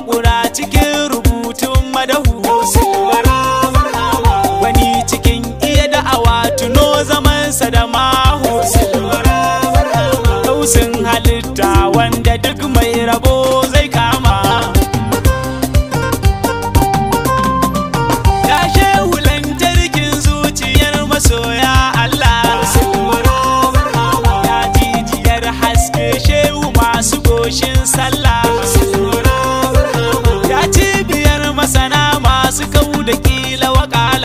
haƙura cikin rubutun madahu wani cikin iya da'awa tuno zamansa da mahu tausin halitta wanda duk mai rabo zai kama ya shehu lantarkin zuciyar masoya Allah ya jijiyar haske shehu le